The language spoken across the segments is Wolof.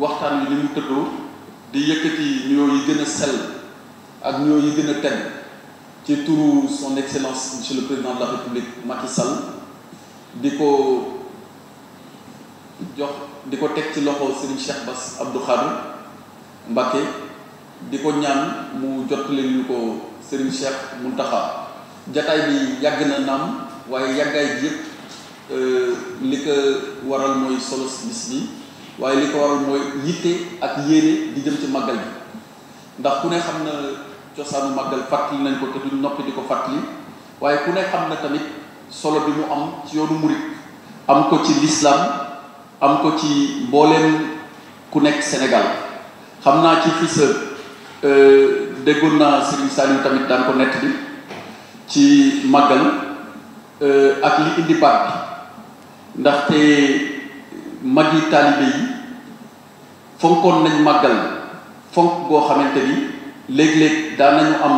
waxtaan wi ni mu tëddoo di yëkkati nuyoo yi gën a sell ak nuyoo yi gën a tedd ci turu son excellence monsieur le président de la république Macky di ko jox di ko teg ci loxo Serigne Cheikh Bass Abdou Khadre Mbacké di ko ñaan mu jot ñu ko Serigne Cheikh Mountakha jataay bi yàgg na naam waaye yàggaay bi yëpp euh, li ko waral mooy solo bis bi waaye li ko waral mooy yitte ak yére di jëm ci màggal bi ndax ku ne xam na cosaanu màggal fàttali nañ ko te duñ noppi di ko fàttali waaye ku ne xam na tamit solo bi mu am ci yoonu murit am ko ci lislaam am ko ci mbooleem ku nekk senegal xam naa ci fii sa euh, déggoon naa Serigne Saliou tamit daan ko nett bi ci màggal euh, ak li indi baat bi ndaxte mat yi taalibe yi fonkoon nañ màggal fonk goo xamante ni léeg-léeg daan nañu am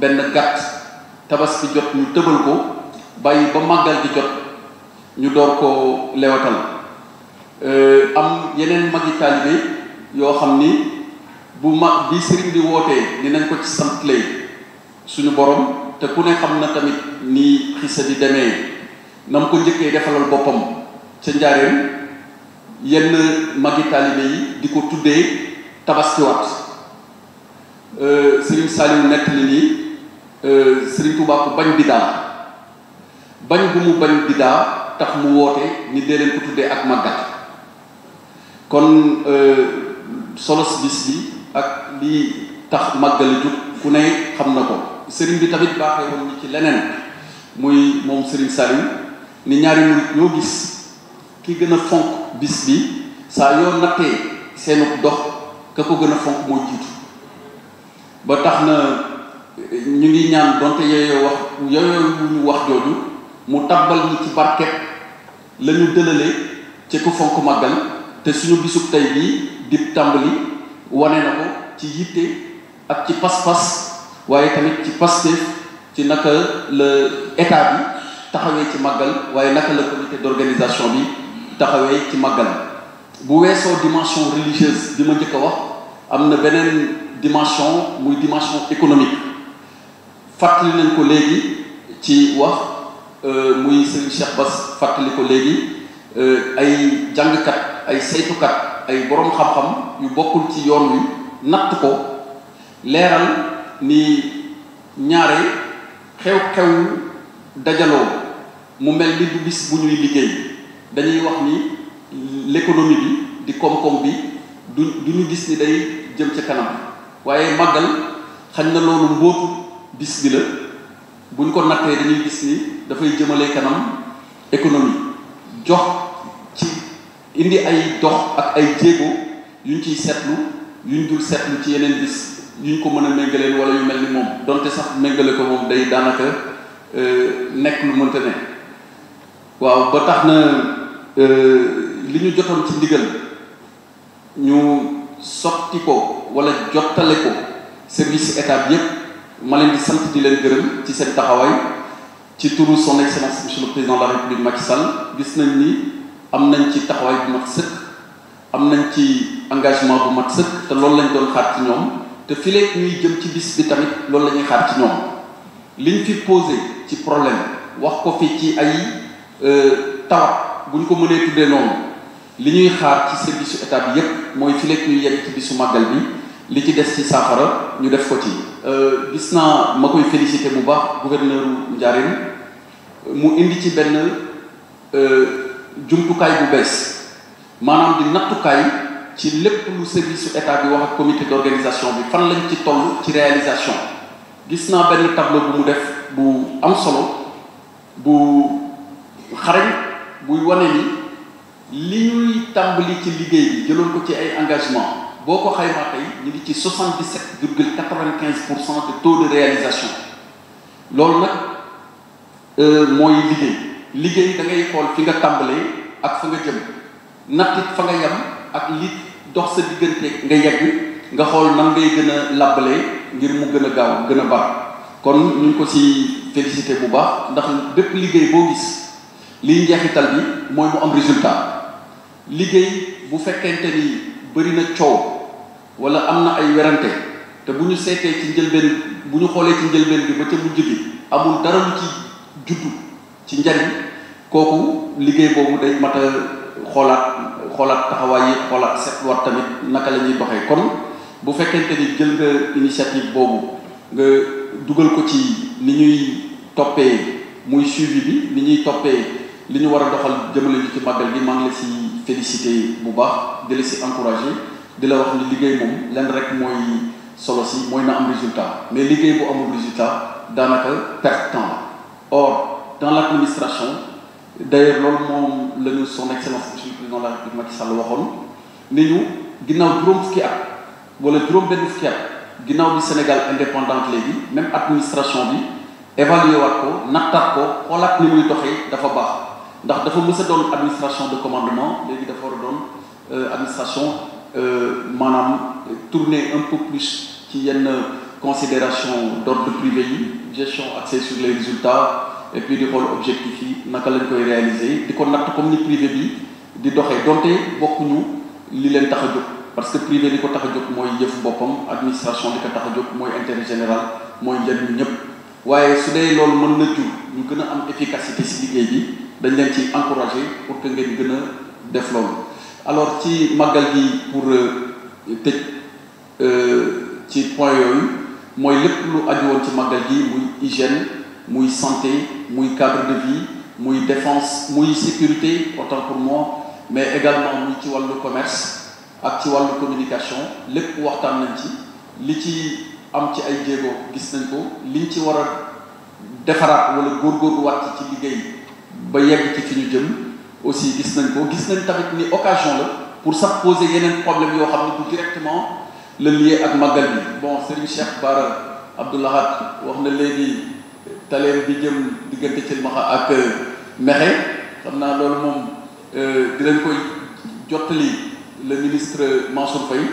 benn gàtt tabaski jot ñu tëbal ko bàyyi ba màggal di jot ñu door ko lewatal euh, am yeneen mag yi taalibe yoo xam ni bu mag bi sëriñ bi wootee dinañ ko ci sant suñu borom te ku ne xam na tamit ni xisa di demee na mu ko njëkkee defalal boppam ca njaareem yenn magi taalibe yi di ko tuddee tabaskiwaat euh, Serigne Saliou nekk li nii euh, Serigne Touba ko bañ bidaa bañ bu mu bañ bidaa tax mu woote ni dee leen ko tuddee ak màggat kon euh, solos bis bi ak li tax màggali jug ku ne xam na ko sëriñ bi tamit baaxee woon ni ci leneen muy moom Serigne Saliou ni ñaari murit ñoo gis ki gën a fonk bis bi saa yoo nattee seenu dox ka ko gën a fonk moo jiitu ba tax na ñu ngi ñaan donte yooyu wax yooyu ñu wax jooju mu tàmbal ñu ci barket la ñu dëlale ci ku fonk màggal te suñu bisu tey bii dib tàmbali wane na ko ci yitte ak ci pas-pas waaye tamit ci pasteef ci naka la état bi taxawee ci màggal waaye naka la comité d'organisation bi taxawee ci màggal bu weesoo dimension religieuse bi ma njëkk a wax am na beneen dimension muy dimension économique fàttali nañ ko léegi ci wax euh, muy Serigne Cheikh Bass fàttali ko léegi euh, ay jàngkat ay saytukat ay boroom xam-xam yu bokkul ci yoon wi natt ko leeral ni ñaare xew-xew dajaloo mu mel bi du bis bu ñuy liggéey dañuy wax ni l'économie bi di koom-koom bi du du ñu gis ni day jëm ca kanam waaye màggal xañ na loolu mbóotu bis bi la bu ñu ko nattee dañuy gis ni dafay jëmale kanam économie jox ci indi ay dox ak ay jéego yuñ ciy seetlu yuñ jul seetlu ci yeneen bis yuñ ko mën a méngaleel wala yu mel ni moom donte sax méngale ko moom day daanaka euh, nekk lu mënta ne waaw ba tax na Euh, li ñu jotoon ci ndigal ñu sotti ko wala jottale ko service état bi yépp ma leen di sant di leen gërëm ci seen taxawaay ci turu son excellence monsieur le président la république Macky Sall gis nañ ni am nañ ci taxawaay bu mat sëkk am nañ ci engagement bu mat sëkk te loolu lañ doon xaar ci ñoom te fileeg ñuy jëm ci bis bi tamit loolu la ñuy xaar ci ñoom liñ fi posé ci problème wax ko fi ci ay euh, tawat bu ñu ko mënee tuddee noonu li ñuy xaar ci service état bi yépp mooy fi lekk ñuy yegg ci bisu màggal bi li ci des ci saafara ñu def ko ci euh, gis naa ma koy félicité bu baax gouverneur Ndiarène mu indi ci benn euh, jumtukaay bu bees maanaam di nattukaay ci lépp lu service état bi wax ak comité d'organisation bi fan lañ ci toll ci réalisation gis naa benn tableau bu mu def bu am solo bu xarañ buy wane ni li ñuy tàmbali ci liggéey bi jëloon ko ci ay engagement boo ko xaymaa tey ñu ngi ci 77 virgule 95 pour cent de taux de réalisation loolu nag euh, mooy liggéey liggéey da ngay xool fi nga tàmbalee ak fa nga jëm nattit fa nga yem ak li dox sa diggante nga yegg nga xool nan ngay gën a labbalee ngir mu gën a gaaw gën a baax kon ñu ko si félicité bu baax ndax bépp liggéey boo gis liy njeexital bi mooy mu am résultat liggéey bu fekkente ni bëri na coow wala am na ay werante te bu ñu seetee ci njëlbeen bu ñu xoolee ci njëlbeen bi ba ca mujj bi amul dara lu ci juddu ci njariñ kooku liggéey boobu day mat a xoolaat xoolaat taxawaay yi xoolaat seetluwaat tamit naka lañuy ñuy kon bu fekkente ni jël nga initiative boobu nga dugal ko ci ni ñuy toppee muy suivi bi ni ñuy toppee li ñu war a doxal jëmale ji ci màggal gi maa ngi la si félicité bu baax di la si encouragé di la wax ni liggéey moom lenn rek mooy solo si mooy na am résultat mais liggéey bu amul résultat daanaka perte temps la or dans l' administration loolu moom la son excellence monsieur le président de la République Macky Sall waxoon ni ñu ginnaaw juróom fukki at wala juróom benn fukki at ginnaaw bi Sénégal indépendante léegi même administration bi évalué waat ko nattaat ko xoolaat ni muy dafa baax ndax dafa mës a doon administration de commandement léegi dafa war a doon euh, administration euh, maanaam tourner un peu plus ci yenn considération d'ordre privé yi gestion axée sur les résultats et puis di xool objectif yi naka lañ koy réaliser di ko natt comme ni privé bi di doxee donte bokkuñu li leen tax a jóg parce que privé li ko tax a jóg mooy yëfu boppam administration li ko tax a jóg mooy intérêt général mooy njëriñu ñëpp waaye su dee loolu mën na jur ñu gën a am efficacité ci liggéey bi dañ leen ci encouragé pour que ngeen gën def loolu alors ci màggal gi pour euh, tëj euh, ci point yooyu mooy lépp lu aju woon ci màggal gi muy hygiène muy santé muy cadre de vie muy défense muy sécurité autant mais également muy ci wàllu commerce ak ci wàllu communication lépp waxtaan nañ ci li ci am ci ay jéego gis nañ ko liñ ci war a defaraat wala góorgóorlu wàcc ci liggéey ba yegg ci fi ñu jëm aussi gis nañ ko gis nañ tamit ni occasion la pour sax poser yeneen problème yoo xam ne du directement le lié ak màggal bi bon Serigne Cheikh Bara Abdou Lahad wax na léegi taleer bi jëm diggante ci maxa ak euh, Mexe xam naa loolu moom euh, dinañ koy jotli le ministre Mansour Faye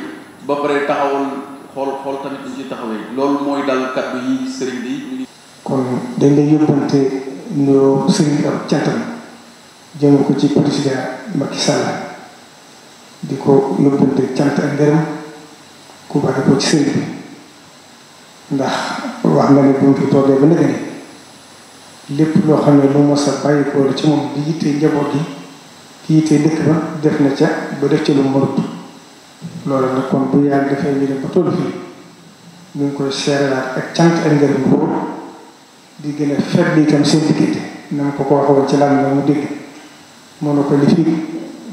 ba pare taxawal xool xool tamit ñu ci taxawee loolu mooy dal kàddu yi Serigne bi. kon dañ lay yóbbante. nuyoo sëriñ ak cantam ko ci président ko yóbbante cant ak ngërëm ci sëriñ bi ndax wax na ne bu mu toogee ba nekk ni lépp loo xam ne lu mos a bàyyi ko la ci moom di yitte njaboot gi di yitte dëkk ba def na ca ba def ci lu mu loolu nag kon bu yàgg dafay ñu ba tollu fii ñu ngi koy seeralaat ak cant ak ngërëm boobu di gën a ferli itam seen diggante na ko ko waxoon ci lan la mu dégg moo ne ko li fi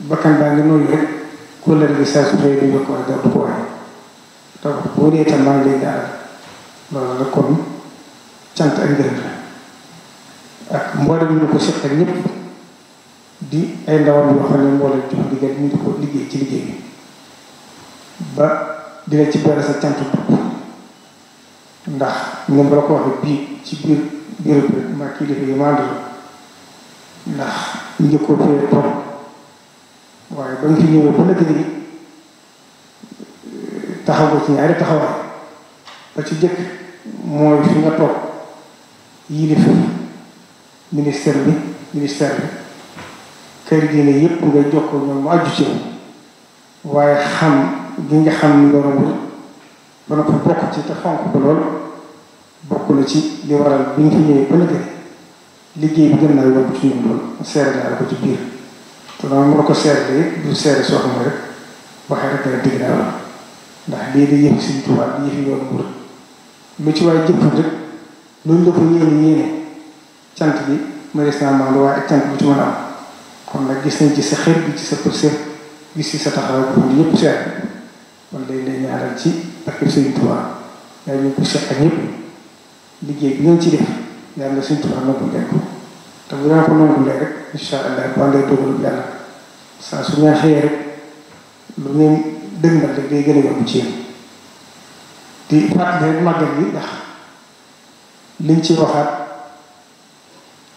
bakkan baa ngi nooyu rek kóllëre gi saa su xëy du ko ko waxee ay ndawam yoo xam ne di ko liggéey ci liggéey ba dina ci boole sa cant bopp ndax ni ma la ko waxee ci biir yi maa waaye ba nga fi ñëwee ba nga gën taxaw ko ci ñaari taxawaay ba ci jëkk mooy fi nga toog yilif ministère bi ministère bi kër diine yépp nga jokkoo ñoom mu àjju ci waaye xam gi nga xam ni nga ba noppi bokk ci te fonk ko lool bokk ci li waral bi ñu fi ñëwee ba léegi liggéey bi gën naa yomb ci ñun lool seere naa ko ci biir te dama mën ko ko yéene yéene cant bi mënees naa maandu kon nag gis nañ ci sa xër bi ci sa përsër gis ci sa taxawaay bu yëpp seer kon léegi lay ñaaral ci ak Sëriñ Tuubaa yaa ngi ko seq ak ñëpp liggéey bi ngeen ci def yàlla Sëriñ Tuubaa nangu leen te bu ko nangu rek incha allah bu àndee dogalu yàlla saa su ñu xëyee rek lu ngeen dëgmal rek day gën a yomb ci yéen di fàttali rek màggal yi ndax liñ ci waxaat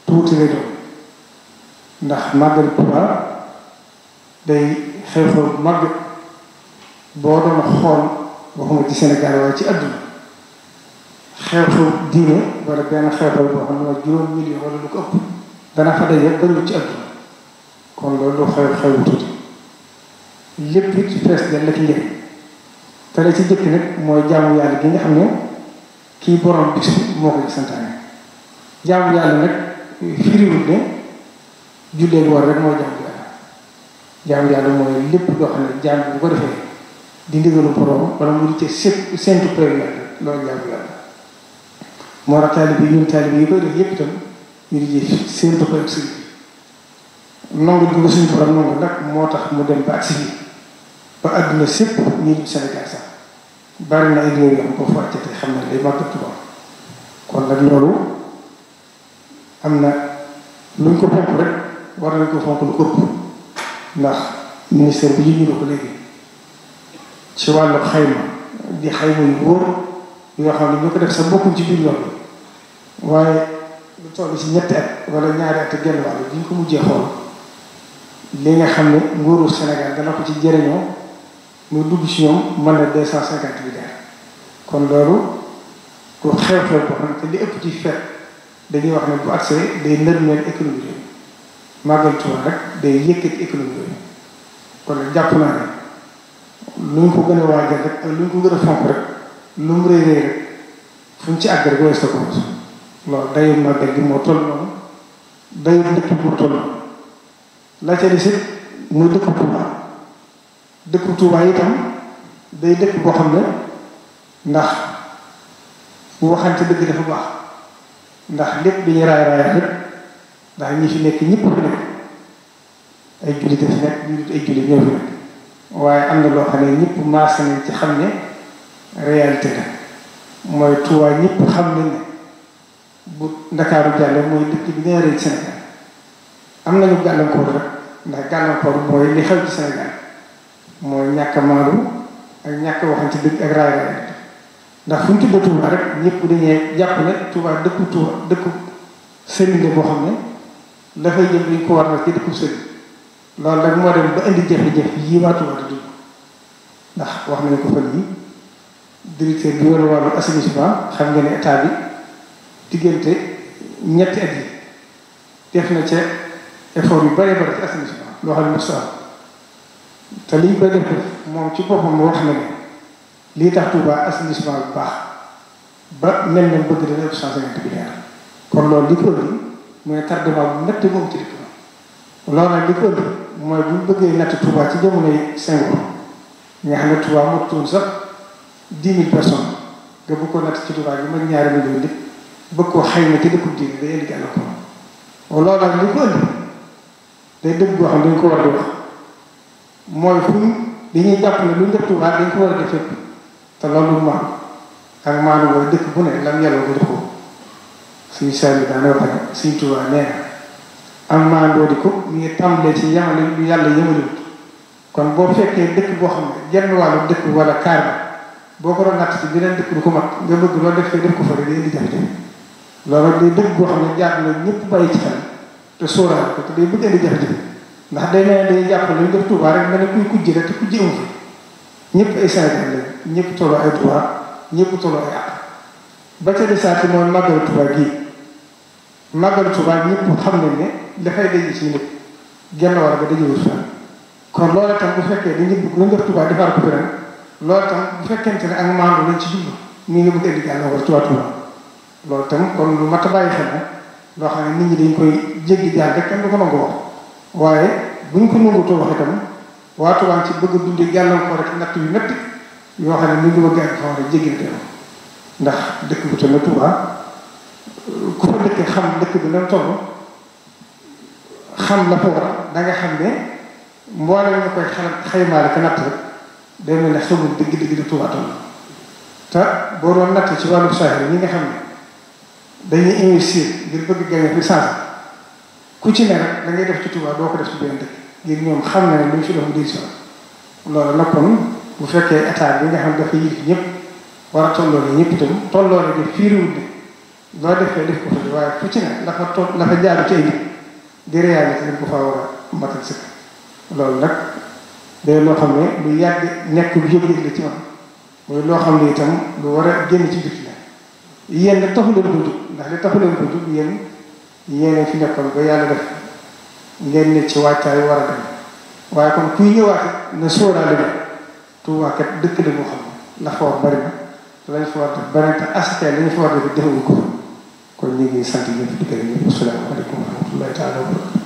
tuuti lay doon ndax màggal Tuubaa day xew-xew màgg boo doon xool. waxuma ci Sénégal waaye ci àdduna xew-xew diine wala benn xew-xew boo xam ne mooy juróom ko ëpp dana fa daje bëriwul ci àdduna kon loolu xew-xew bu tuuti lépp it fees dal la ci njëkk te la ci njëkk nag mooy jaamu yàlla gi nga xam ne kii borom bis moo ko santaane jaamu yàlla nag firiwul ne jullee bi war rek mooy jaamu yàlla jaamu yàlla mooy lépp loo xam ne jaamu bu ko defee. di ndigalu mu di ca séntu séntu première loolu jaamu yàlla moo tax ñu moo tax mu dem ba ak sëñ ba di Sénégal ne am na luñ ko fonk rek war nañ ko fonk lu ëpp ndax ministère bi ñu ñu ko léegi ci wàllu xayma di xayma yu wóor yoo xam ne ñu ko def sa bokkuñ ci biir yoon waaye lu toll ci ñetti at wala ñaari at genn wàll bi ko mujjee xool li nga xam ne nguuru Sénégal dana ko ci jëriñoo mu dugg ci ñoom mën na deux cent cinquante milliards kon loolu ku xew-xew boo xam te li ëpp ci fet dañuy wax ne bu accès day nërmeel économie yooyu màggal Tuubaa rek day yëkkati économie yooyu kon jàpp naa ne lu mu ko gën a waajal rek ak lu mu ko gën a fonk rek lu mu rëy rëy fu mu ci àgg rek wees na ko loolu dayoo màggal gi moo toll noonu dayoo dëkk bu toll la itam day dëkk boo xam ne ndax waxante dëgg dafa baax ndax lépp bi ñu raay raayal rek ndax ñi fi nekk ñëpp ay jullit fi nekk jullit ay jullit ñoo fi nekk waaye am na loo xam ne ñëpp maas nañ ci xam ne réalité la mooy Touba ñëpp xam nañ ne bu Ndakaaru jàlle mooy dëkk bi gën a rëy Sénégal am nañu gàllankoor rek ndax gàllankoor mooy li xew ci Sénégal mooy ñàkk a maandu ak ñàkk waxante dëgg ak raay raay ndax fu ñu tuddee Touba rek ñëpp dañuy jàpp ne Touba dëkku Touba dëkku sëriñ boo xam ne dafay jëm li ñu ko war na ci dëkku sëriñ loolu rek moo dem ba indi jafe-jafe yi waa Touba di dund ndax wax nañu ko fan yi directeur bi war a wàllu xam nga ne état bi diggante ñetti at yi def na ca effort yu bare bare ci assainissement loo liñ koy moom ci boppam wax na lii tax Touba assainissement bu baax ba mel na bëgg dana ëpp cent cinquante milliards kon loolu li ko mooy tardement bu métti moom loolu nag li ko ëpp mooy bu ñu bëggee natt Touba ci jamonoy Senghor nga xam ne Touba moo tuun sax dix nga bëgg ko natt ci Touba koo day indi gàllankoor xam dañ ko war di wax mooy fu dañuy jàpp ne lu ñu def Touba dañ ko war a def fépp te ak maanu mooy dëkk bu ne lam yàlla ko def ko suñu saa yi daanaka suñu Touba nee am maandoo di ko mu ngi tàmbalee ci yamale lu yàlla yamaluwut kon boo fekkee dëkk boo xam ne genn wàllu dëkk wala kaar boo ko natt ci beneen dëkk ko mat nga bëgg def fee def ko fa rek day indi jafe day dëkk boo xam ne jaar na ñëpp bàyyi ci xel te sóoraale ko te day bëgg indi jafe-jafe ndax day day jàpp lu ñu def Tuubaa rek nga ne kuy kujje ñëpp ay ñëpp tolloo ay droit ñëpp tolloo ay àq ba ca desaati mooy màggal Tuubaa gii màggal Tuubaa ñëpp xam nañ ni dafay daje ci nit genn war ga dajewul fenn kon loolu itam bu fekkee dañu bëgg lu def Tuubaa defar ko fi ren loolu ne ak maandu lañ ci jublu ñu ngi bëgg indi gàllankoor loolu itam kon lu mat a bàyyi xel la loo xam ne nit ñi dañ koy jéggi jàll rek kenn du ko nangu wax waaye buñ ko nanguutoo wax itam waa Tuubaa ci bëgg a dundee gàllankoor rek natt yu métti yoo xam ne ñu ngi bëgg a fa war a jéggi ndax dëkk bu toll Tuubaa ku fa dëkkee xam dëkk bi nan toll xam la ko waral da nga xam ne mboolem nga koy xaymaale ko natt rek day mel ne te boo doon natt ci wàllu saahir ñi nga xam ne dañuy investir ngir bëgg gañe fi sans ku da ngay def ci Tuubaa doo ko def ci benn dëkk ngir ñoom xam ne lu ñu fi def di si loolu nag kon bu fekkee état bi nga xam dafa yëg ñëpp war a tolloo ne ñëpp itam tolloo ne de fiiriwul loo def ko def ko fa waaye fu ci ne la fa toog la fa jaaru ci ay nit di réalité dañ ko faa war a matal sëkk loolu nag day loo xam ne lu yàgg nekk lu yëg mooy loo xam ne itam lu war a génn ci bitti la yéen da leen ko jug ndax li taxu leen ko jug fi nekkoon ba yàlla def ngeen ne ci waajtaay war a dem waaye kon kuy ñëwaat na sóoraale bi tuubaakat dëkk la moo xam ne la fa wax bari na lañ fa war a def bari lañu askan li ñu fa war a def defuñu ko kon ñu ngi sant ñëpp di gërëm ñëpp asalaamaaleykum wa rahmatullahi taala wa